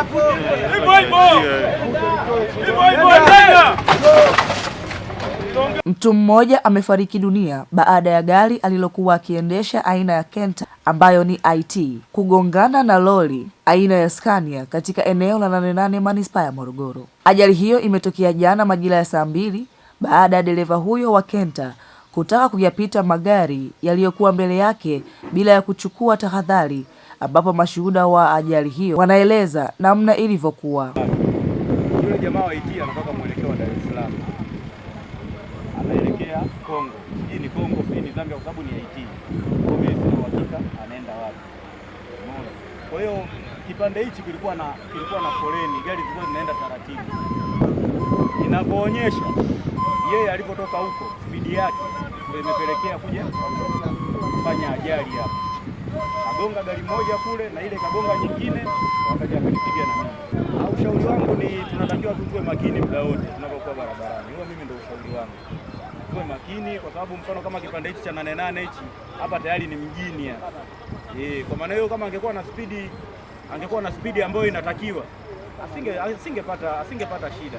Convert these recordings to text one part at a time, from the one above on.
hapo Mtu mmoja amefariki dunia baada ya gari alilokuwa akiendesha aina ya Kenta ambayo ni IT kugongana na lori aina ya Scania katika eneo la Nane Nane manispaa ya Morogoro. Ajali hiyo imetokea jana majira ya saa mbili baada ya dereva huyo wa Kenta kutaka kuyapita magari yaliyokuwa mbele yake bila ya kuchukua tahadhari ambapo mashuhuda wa ajali hiyo wanaeleza namna ilivyokuwa. Yule jamaa wa Itia anatoka mwelekeo wa Dar es Salaam anaelekea Kongo, hii ni Kongo, hii ni Zambia, kwa sababu ni Itia. Kwa hiyo uhakika anaenda wapi. Kwa hiyo kipande hichi kilikuwa na kilikuwa na foleni, gari zilikuwa zinaenda taratibu. Inapoonyesha yeye alipotoka huko, spidi yake ndio imepelekea kuja kufanya ajali hapa kagonga gari moja kule na ile kagonga nyingine, wakaja wakanipiga na mimi. Au ushauri wangu ni tunatakiwa tuwe makini muda wote tunapokuwa barabarani. Huo mimi ndio ushauri wangu, tuwe makini, kwa sababu mfano kama kipande hichi cha nane nane hichi hapa tayari ni mjini hapa e. Eh, kwa maana hiyo kama angekuwa na spidi angekuwa na spidi ambayo inatakiwa asingepata asinge asingepata shida.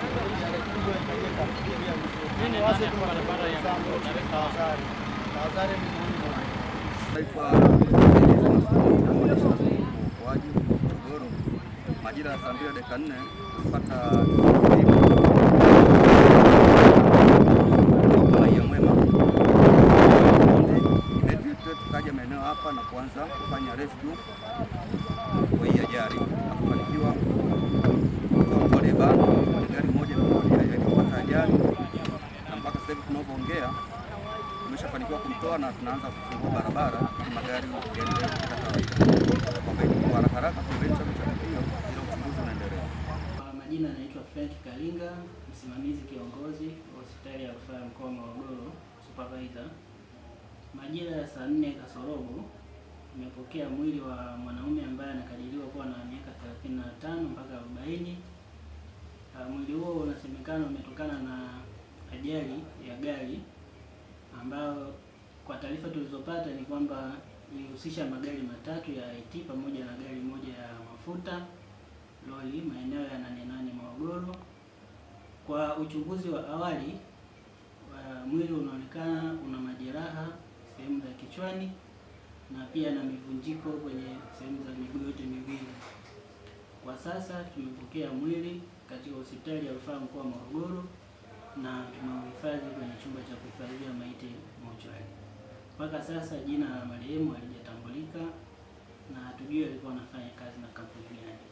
Mkoaji Morogoro majira ya saa mbili dakika nne kupata raia mwema, tukaja maeneo hapa na kuanza kufanya rescue kwa hii ajali. tulivyoongea tumeshafanikiwa kumtoa na tunaanza kufungua barabara ili magari yaendelee kupita kawaida, kwamba kwa haraka haraka pembeni chanzo cha tukio, ila uchunguzi unaendelea. Kwa majina anaitwa Frank Kalinga, msimamizi kiongozi wa hospitali ya rufaa ya mkoa wa Morogoro, supervisor. Majira ya saa nne kasorobo nimepokea mwili wa mwana ajali ya gari ambayo kwa taarifa tulizopata ni kwamba ilihusisha magari matatu ya IT pamoja na gari moja ya mafuta lori maeneo ya Nane Nane Morogoro. Kwa uchunguzi wa awali wa mwili unaonekana una majeraha sehemu za kichwani na pia na mivunjiko kwenye sehemu za miguu yote miwili. Kwa sasa tumepokea mwili katika hospitali ya rufaa mkoa wa Morogoro na tumeuhifadhi kwenye chumba cha kuhifadhia maiti mochwari. Mpaka sasa jina la marehemu halijatambulika na hatujui alikuwa anafanya kazi na kampuni gani.